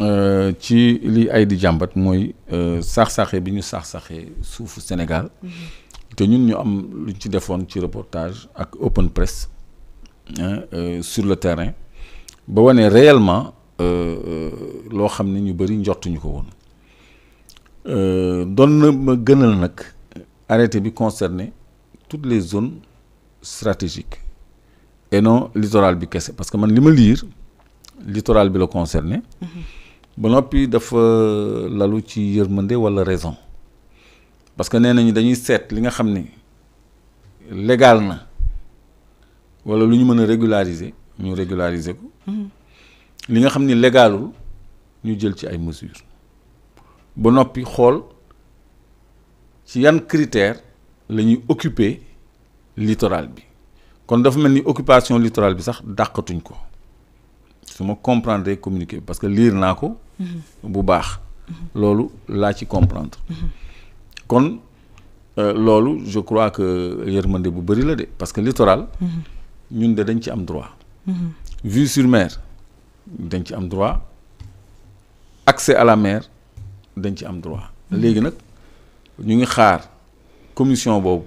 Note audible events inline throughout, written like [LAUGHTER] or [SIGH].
Euh, ci li ay di jambat moy euh, saax-saaxee bi ñu saax-saaxee Sénégal mm-hmm. té ñun ñu am lu ci defoon ci reportage ak open press hein, euh, sur le terrain ba wone réellement loo xam ne ñu bëri njortuñu ko euh don na ma gënal nak arrêté bi concerné toutes les zones stratégiques et non littoral bi kessé parce que man li ma littoral bi le concerné mm-hmm ba dafa lalu ci yërmande walla raison parce que nenañu dañuy set li nga xamné légal na walla lu ñu régulariser ñu régulariser ko mm-hmm. li nga xamné ni légalul ñu jël ci ay mesures ba nopi xol ci yan critères lañuy occuper littoral bi kon dafa melni occupation littoral bi sax dàqatuñ ko je comprendre et communiquer parce que lire nako bu bax loolu la ci comprendre. kon euh, je crois que yermande bu bëri la de parce que littoral. ñun de dañ ci am droit. vue sur mer dañ ci am droit accès à la mer dañ ci am droit légui nak ñu ngi xaar commission bobu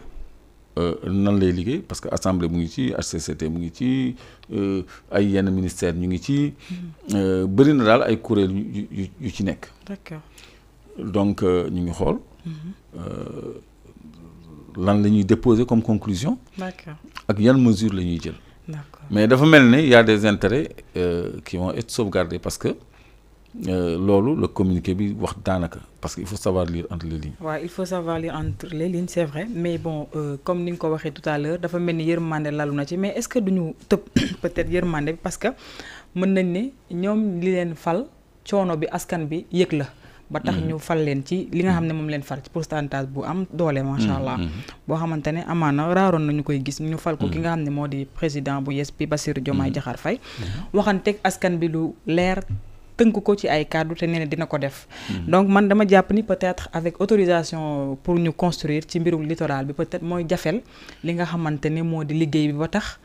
euh, nan lay liggéey parce que assemblée mu ngi ci HCCT mu ngi ci euh, ay yenn ministère ñu ngi ci mm-hmm. euh, bëri na daal ay kuréel yu ci nekk. d'accord donc ñu ngi xool. Mm-hmm. lan la ñuy déposer comme conclusion. d'accord ak yan mesure la ñuy jël. d'accord mais dafa mel ne y a des intérêts qui vont être sauvegardés parce que. Euh, lolu le communiqué bi wax daanaka parce qu'il faut savoir lire entre les lignes. il faut savoir lire entre les lignes c'est vrai mais bon euh, comme ni nga ko tout à l'heure dafa melni yermandé yërmande lalu na ci mais est-ce que duñu tëb [COUGHS] peut-être yermandé parce que mën nañ né ñom li len fal choono bi askan bi yek la. ba tax mm-hmm. ñu fal len ci li nga xamné mom len far ci pourcentage bu am doole sha mm-hmm. allah. Mm-hmm. bo xamante amana amaana raaroon koy gis ñu fal ko ki nga xamné modi président bu ysp basir Bassirou Diomaye Diakhar Faye waxanteeg askan bi lu leer tënk ko ci ay cadre te nee dina ko def. donc man dama jàpp ni peut-être avec autorisation pour ñu construire ci mbirum littoral bi peut-être mooy jafel li nga xamante ne moo di liggéey bi ba tax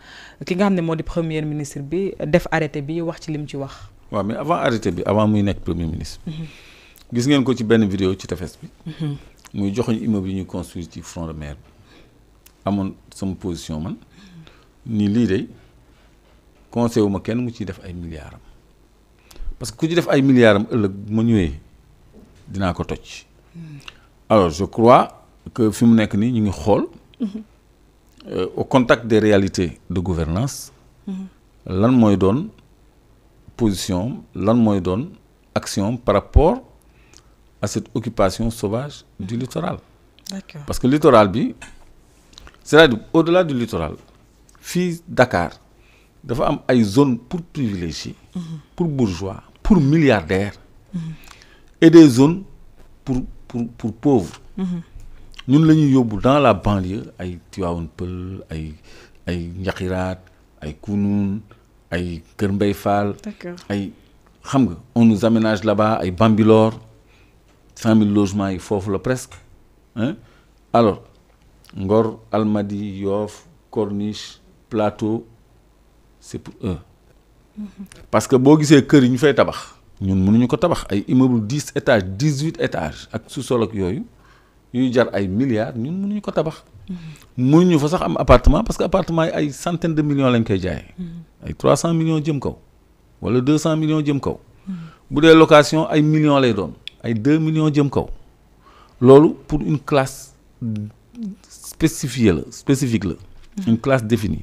ki nga xam ne moo di premier ministre bi def arrêté bi wax ci lim ci wax. waaw mais avant arrêté bi avant muy nekk premier ministre. gis ngeen ko ci benn vidéo ci tefes bi. muy joxoñ immeuble yi ñu construire ci front de mer bi. amoon sama position man. ni lii de conseil wu ma kenn mu ciy def ay milliards am parce que si def ay milliards am ëllëg hmm. alors je crois que nous mu mhm. euh, au contact des réalités de gouvernance mhm. lan nous donne position lan nous donne action par rapport à cette occupation sauvage du mhm. littoral. parce que le littoral cest à au-delà du littoral fils Dakar y a ay zones pour privilégiés. pour bourgeois pour milliardaires. et des zones pour pour pour pauvres. Nous, la dans la banlieue ay Tivaouane pel ay ay Kounoun, ay Kounoune ay Fall. on nous aménage là-bas ay Bambilor 100 000 logements il faut presque hein alors Ngor Almadi Yof, Corniche Plateau c'est pour eux. Parce que si on avez des tabac. on ne peut pas tabac. 10 étages, 18 étages, avec sous-sol Il y a des milliards, on ne peut pas tabac. Nous ne appartement parce que l'appartement a des centaines de millions de Il y a 300 millions de Ou 200 millions de dollars. Pour les locations, il y a des millions de Il y a 2 millions de C'est pour une classe spécifique une classe définie.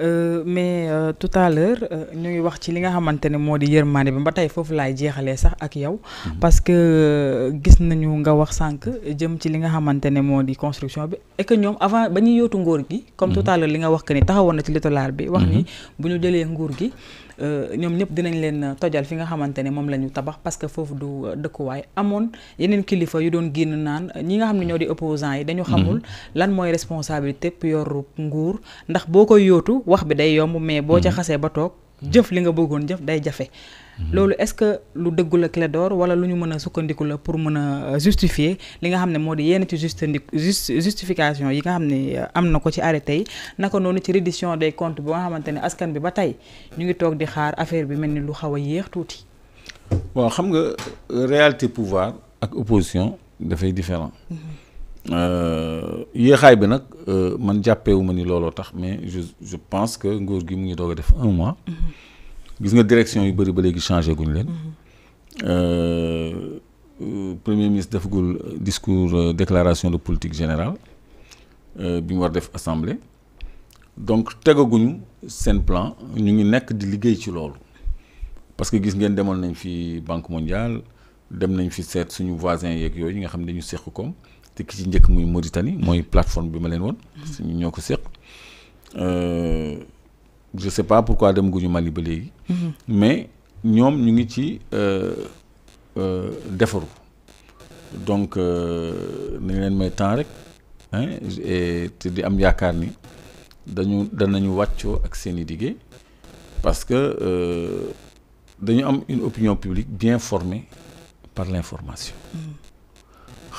Euh, mais euh, tout à l'heure euh, ñu ngi wax ci li nga bi ba mhm. parce que gis nañu nga wax sank jëm construction bi que avant que yotu comme mhm. tout à l'heure li nga wax que ni na ci littoral bi wax ni mhm. nous tojal fi nga tabax parce que que du avons vu yeneen kilifa yu doon naan ñi nga ñoo di opposants yi dañu xamul lan responsabilité wax bi day yomb mais boo ca mm-hmm. xasee ba toog jëf li nga bëggoon jëf day jafe mm-hmm. loolu est-ce que lu dëggu la d'or wala lu ñu mën a sukkandiku la pour mën a euh, justifier li nga xam ne moo di yenn ci justification yi nga xam ne euh, am na ko ci arrêté yi naka noonu ci reddition des comptes ba nga xamante ne askan bi ba tey ñu ngi toog di xaar affaire bi mel ni lu xaw a yéex tuuti. waaw xam nga euh, réalité pouvoir ak opposition dafay différent. Mm-hmm. Euh, yéexaay bi nag euh, man jàppeewu ma ni looloo tax mais je je pense que nguur gi mu ngi doog def un mois. Mm-hmm. gis nga direction yu bari ba légui changé guñ mm-hmm. euh, euh premier ministre defagul discours déclaration de politique générale bi mu war def assemblée donc tegaguñu sen plan ñu ngi nek di liggéey ci lool parce que gis ngeen demoon nañ fi banque mondiale dem nañ fi seet suñu voisins yeeg yooyu nga xam ne dañu seq koom te ki ci njëkk muy Mauritanie mooy plateforme bi ma leen woon. suñu ñoo ko seq. Euh, je sais pas pourquoi dem guñu Mali ba léegi. Mm-hmm. mais ñoom ñu ngi ci euh, euh, defaru. donc nañ leen may temps rek hein, te di am yaakaar ni dañu danañu wàccoo ak seen i liggéey parce que dañu am une opinion publique bien formée par l'information. Mm.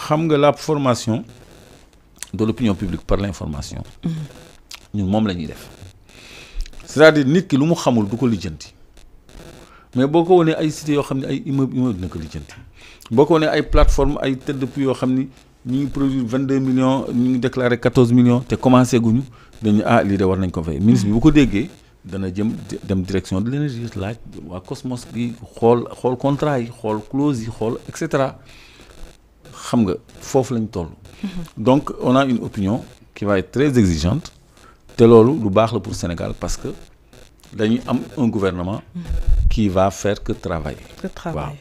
xam nga la formation de l'opinion publique par l'information. Mm. ñun moom la ñuy def. c'est-à-dire nit ki lu xamul du mais boo ko ay cités yoo xam ne ay immeuble immeuble dina ko a boo ko wanee ay plateforme ay tête de puits yoo ni ngi millions nous ngi déclaré 14 millions et commencé guñu dañu ah lii de war nañ ko fay ministre bi bu dana jëm dem direction de l'énergie laaj waa Cosmos bi xool xool contrat yi xool clause yi etc... et cetera xam nga foofu lañ mhm. donc on a une opinion qui va être très exigeante te loolu lu baax la pour Sénégal parce que dañuy a un gouvernement. Mhm. qui va faire que travailler.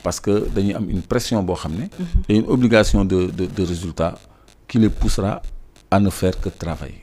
parce que dañuy am une pression mhm. et une obligation de de de résultat qui les poussera à ne faire que travailler.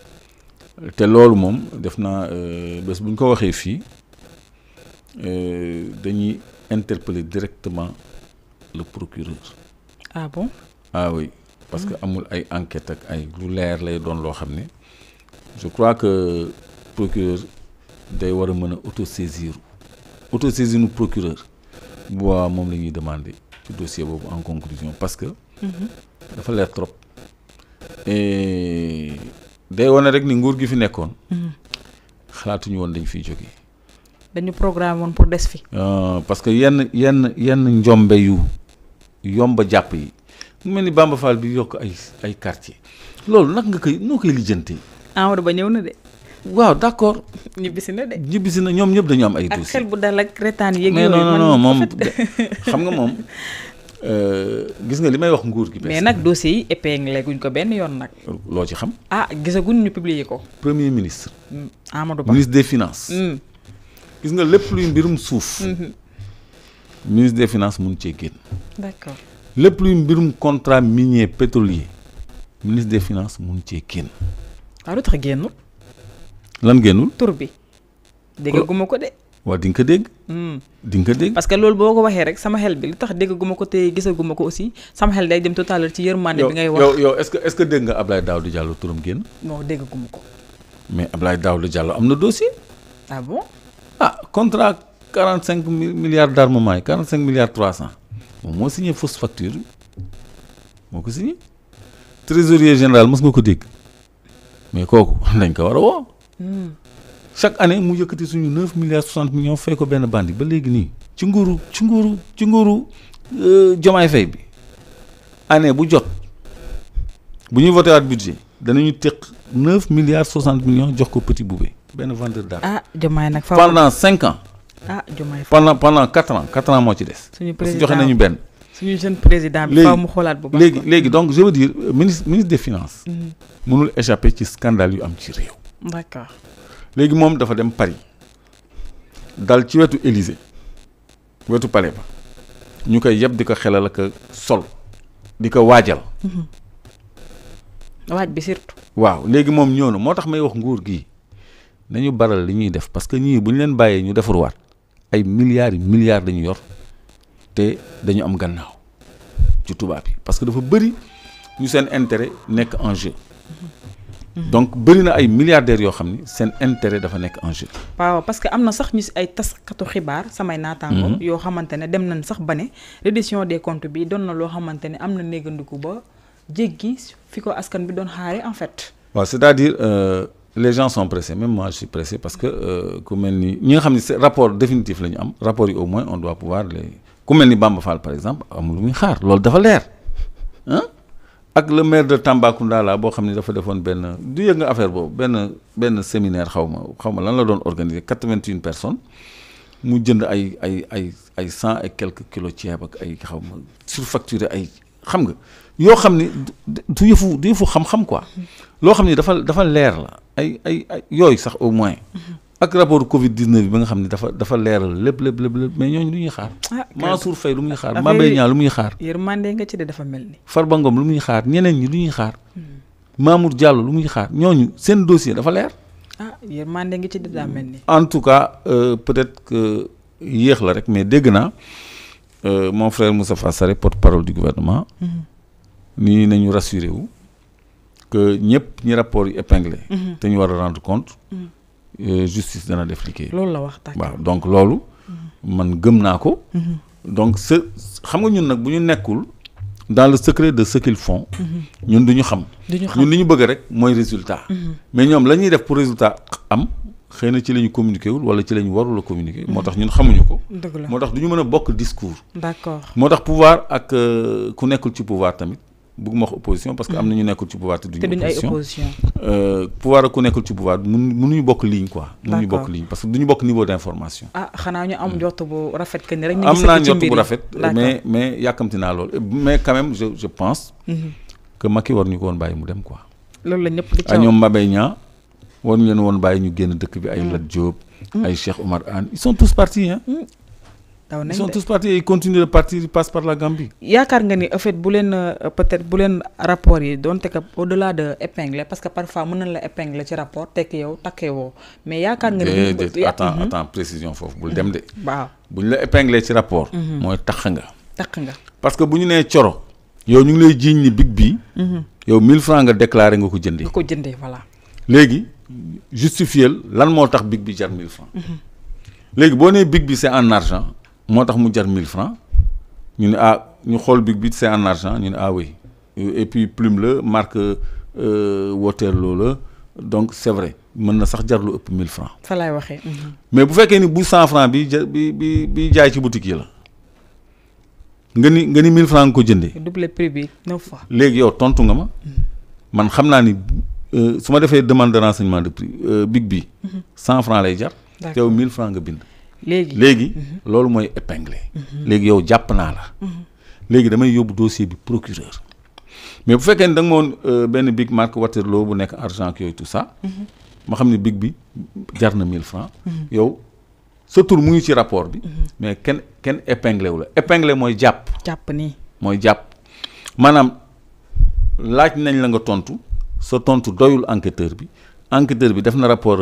te loolu moom def naa euh, bés buñ euh, dañuy interpeller directement le procureur. ah bon. ah oui parce que hmm. amul ay enquête ak ay lu leer lay doon loo xam je crois que procureur day war a mën a autosaisir autosaisir nu procureur bu moom demander ci dossier en conclusion parce que. Mhm. dafa leer trop et. day wane rek ni nguur gi fi nekkoon. xalaatuñu woon dañ fi jógee. dañu programme woon pour des fi. Ah, parce que yenn yenn yenn njombe yu yomba jàpp yi mu mel ni Bamba Fall bi yokk ay ay quartier loolu nag nga koy noo koy lijjantee. Amadou Ba ñëw na de. waaw d' accord. ñibbisi na de. ñibbisi na ñoom ñëpp dañu am ay. dossier ak xel bu dal ak retaan yëg. mais non moom xam nga moom. [LAUGHS] Euh, gis nga li may wax nguur gi. mais nag dossier yi épinglé guñ ko benn yoon nag. loo ci xam. ah gisaguñ ñu publier ko. premier ministre. Hmm, Amadou Ba ministre des finance hmm. gis nga lépp luy mbirum suuf. Hmm. ministre de finance mun cee génn. d'accord lépp luy mbirum contrat minier pétrolier ministre de finance mun cee génn. waaw ah, lu tax génnul. lan génnul tur bi. dégg guma ko de. waaw di nga ko dégg. Hmm. di nga ko dégg. parce que loolu boo ko waxee rek sama xel bi li tax dégguma ko te gisaguma ko aussi sama xel day dem total ci yërmande bi ngay wax yow yow est-ce que est-ce que dégg nga Ablaye Daouda Diallo turam génn. non dégguma ko. mais Ablaye Daouda Diallo am na dossier. ah bon. ah contrat 45 milliards d'armement yi 45 milliards 300. moom moo signé fausse facture moo ko signé. trésorier général mos nga ko dégg mais kooku [LAUGHS] dañ ko war a woo. Hmm. chaque année mu yëkëti suñu 9 milliards 60 millions fay ko benn bandi ba léegi nii ci nguuru ci nguuru ci nguuru euh, Diomaye fay bi année bu jot bu ñuy voté waat budget danañu teq 9 milliards 60 millions jox ko petit boubé benn vendeur d'art ah Diomaye nag fa pendant 5 ans. ah Diomaye pendant pendant 4 ans 4 ans moo ci des. suñu président joxe nañu benn. suñu jeune président bi faaw mu xoolaat bu baax léegi léegi donc je veux dire euh, ministre ministre des finances. Mhm. mënul échapper ci scandale yu am ci réew. d'accord. léegi moom dafa dem Paris dal ci wetu Élysée wetu palais ba ñu koy yëpp di ko xelal ak sol di ko waajal. Mm-hmm. waaj bi surtout. waaw léegi moom ñëw na moo tax may wax nguur gii nañu baral li ñuy def parce que ñii bu ñu leen bàyyee ñu defarwaat ay milliards yi milliards dañu yor te dañu am gannaaw ci tubaab yi parce que dafa bëri ñu seen intérêt nekk en Mhm. donc bari na ay milliardaires yo xamni sen intérêt dafa nek en jeu. waaw parce que amna sax ñu si ay taskatu xibar samay naataango. Mhm. yo xamantene dem nañ sax bané ne reddition des comptes bi don na lo xamantene amna am ba jéggi fiko askan bi don xaré en fait. waaw c'est-à-dire euh, les gens sont pressés même moi je suis pressé parce que euh, ku ni ñi nga xam rapport définitif lañu am rapport yi au moins on doit pouvoir les ku mel ni Bamba Fall par exemple amul lu muy xaar loolu dafa lèr hein ak le maire de Tambacounda la boo xam ne dafa defoon benn du yëg nga affaire boobu benn benn séminaire xaw ma xaw ma lan la doon organiser quatre-vingt-une personnes mu jënd ay ay ay ay cent et quelques kilos ceeb ak ay xaw ma surfacturé ay xam nga yoo xam ni du yëfu du yëfu xam-xam quoi mm-hmm. loo xam ni dafa dafa leer la ay ay ay yooyu sax au moins mm-hmm. ak rapport Covid 19 bi nga xam ne dafa dafa leeral lépp lépp lépp lépp mais ñooñu lu ñuy xaar. Ah, Mansour Faye lu muy xaar Mbaye Niang lu muy xaar. yërmande nga ci de dafa mel ni. Farba lu muy xaar ñeneen ñi lu ñuy xaar. Hmm. Mamour Diallo lu muy ñooñu seen dossier dafa leer. ah yërmande nga ci de daa ni. Hmm. en tout cas euh, peut-être que yéex la rek mais dégg naa euh, mon frère Moustapha Sarré porte-parole du gouvernement. Hmm. nii nañu rassuré wu que ñi rapport yu épinglé. te ñu war a rendre compte. Euh, justice dana def liggéey. loolu la wax waaw donc loolu. man gëm naa ko. Mhm. donc ce xam nga ñun nag bu ñu nekkul dans le secret de ce qu'ils font. Mhm. ñun duñu xam. ñun li ñu bëgg rek mooy résultat. Mhm. mais ñoom la ñuy def pour résultat am. xëy na ci lañu ñu communiqué wul wala ci la ñu warul a communiqué. moo tax ñun xamuñu ko. dëgg la moo tax du ñu mën a bokk discours. d'accord moo tax pouvoir ak euh, ku nekkul ci pouvoir tamit bëgguma wax opposition parce que am na ñu nekkul ci pouvoir te duñu opposition euh, pouvoir ak ku nekkul ci pouvoir mun mënuñu bokk ligne quoi mënuñu bokk ligne parce que duñu bokk niveau d'information ah xanaa ñu am mm. njort bu rafet que ni rek am naa njort bu rafet mais mais yàkkamti naa loolu mais quand même je je pense mm-hmm. que Macky war ñu ko woon bàyyi mu dem quoi loolu la ñëpp di ah, ñoom Mabey Niang war ñu leen woon bàyyi ñu génn dëkk bi ay mm. Lat Diop mm. ay Cheikh Omar Anne ils sont tous partis hein ils sont tous partis et continuent de partir ils passent par la Gambie. yaakaar nga ni en fait bu euh, peut-être bu leen rapport yi doonte que au-delà de épingler parce que parfois mën nañ la épingler ci rapport tekk yow takkee woo mais yaakaar nga ni. déedéet attends attends précision foofu bul dem de. Mm-hmm. waaw bu ñu la épingler ci rapport. Mm-hmm. mooy tax nga. nga parce que bu ñu nee coro. yow ñu ngi lay jiiñ ni big bii. Mm-hmm. yow 1000 francs nga déclaré nga ko jëndee. nga ko jëndee voilà. léegi justifier lan moo tax big bi jar 1000 francs léegi boo nee big bi c'est en argent moi tax mu 1000 francs ñu a ah ñu big bit c'est en argent ah oui et puis plume le marque euh, Waterloo donc c'est vrai mën na sax 1000 francs mhm. mais bu fekkee ni bu 100 francs bi bi bi jaay boutique yi la nga 1000 francs ko double prix bi neuf fois. léegi yow tontu que ma mhm. man xam naa ni euh, su ma defee demande de renseignement de prix euh, big bi 100 mhm. francs lay jar. yow 1000 francs nga bind. Légi, ce mhm. épinglé. Mhm. légui yow japp na la. Mhm. dossier procureur mais bu euh, big marque Waterloo bu argent tout ça. ma big bi jar 1000 francs yow sa tour mu ci rapport bi. mais ken ken épinglé wu la épinglé moy japp japp ni nañ la nga tontu tontu doyul enquêteur bi enquêteur bi def na rapport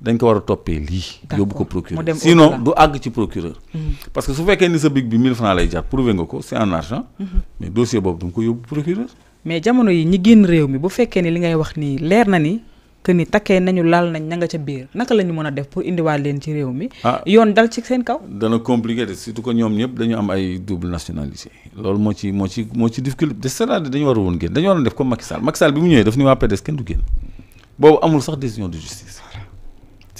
dañ ko war a toppee lii. yóbbu ko procureur sinon du àgg ci procureur. Mhm. parce que su fekkee ni sa big bi 1000 francs lay jar prouvé nga ko c'est en argent. Mhm. mais dossier boobu du nga ko yóbbu procureur. mais jamono yi ñi génn réew mi bu fekkee ni li ngay wax nii leer na ni que ni takkee nañu laal nañ ña nga biir naka la ñu mën a def pour indiwaat leen ci réew mi. Ah. yoon dal ci seen kaw. dana compliqué de surtout que ñoom ñëpp dañu am ay double nationalité moo ci moo ci moo ci difficulté c'est-à-dire dañu war a woon génn dañu mu ñëwee daf ni waa PDS de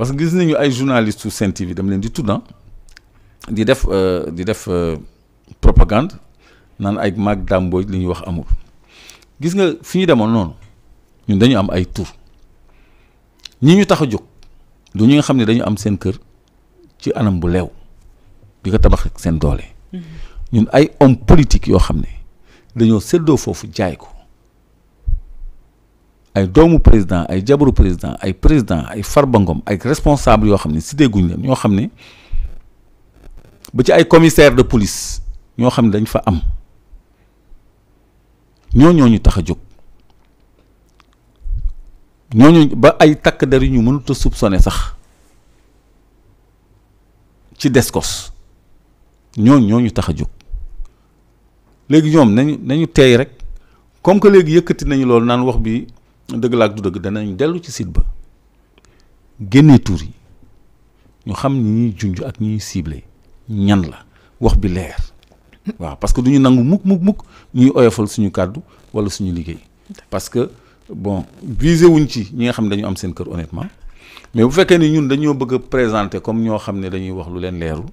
parce que gis nañu ay journalistes sur Sen TV dama leen di tudd ah, di def euh, di def euh, propagande naan ay mag dàmbooj li ñuy wax amul gis nga fi ñu demoon noonu ñun dañu am ay tur ñi ñu tax a jóg du ñi nga dañu am seen kër ci anam bu leew bi ko tabax ak seen doole mm-hmm. ñun ay homme politique yo xam dañu seddo fofu jaay ko ay doomu président ay jabaru président ay président ay farbangom ay responsable yoo xam ne commissaire de police ñoo xam dañ fa am ñu tax a ba ay takk ñu mënut a soupçonné sax ci descos dëgg laa ak du dëgg danañ dellu ci site ba génne tuur yi ñu xam ni ñuy junj ak ñuy ciblé ñan la wax bi leer waaw parce que du ñu nangu mukk mukk mukk ñuy oyofal suñu kàddu wala suñu liggéey parce que bon visé wuñ ci ñi nga xam ne dañu am seen kër honnêtement mais bu fekkee ni ñun dañoo bëgg présenté comme ñoo xam ne dañuy wax lu leen leerul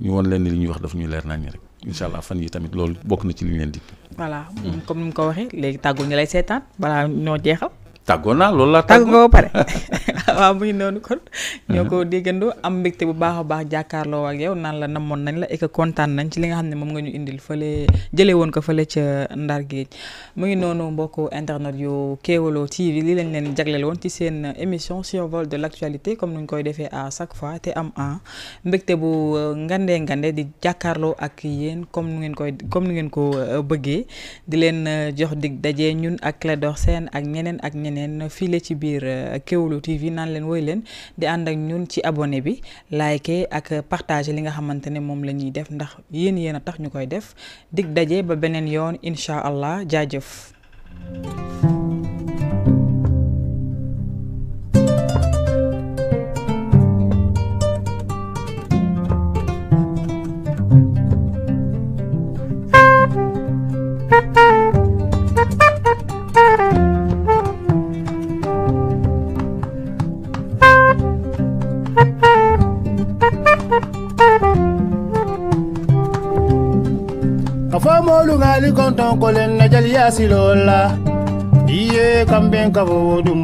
ñu won leen ni li ñuy wax daf ñu leer ñi rek incha allah fan yi tamit loolu bokk na ci li ñu leen di. voilà hmm. comme ni mu ko waxee léegi tàggoor ñu lay seetaan balaa ñoo jeexal. tàggoo naa loolu la tàggoo pare [LAUGHS] [LAUGHS] waaw muy noonu kon uh-huh. ñoo ko déggandoo am mbégte bu baax a baax jàkkaarloo ak yow naan la namoon nañ la et kontaan nañ ci li nga xam ne moom nga ñu indil fële jëlee woon ko fële ca Ndar mu ngi noonu mbokk internet yu Kéwoulo TV li lañ leen jagleel woon ci seen émission survol de l' comme comme nuñ koy defee à fois te am ah mbégte bu euh, ngandee ngande di jàkkaarloo ak yéen comme nu ngeen koy comme nu ngeen ko euh, bëggee di leen euh, jox dig daje ñun ak Clédor Sène ak ak ñeneen yeneen file ci biir euh, Kéwoulo TV naan leen woy leen di ànd ak ñun ci abone bi like ak partage li nga xamante ne moom la ñuy def ndax yéen yéen a tax ñu koy def dig daje ba beneen yoon incha allah jaajëf. ya silola iye kambenka vodum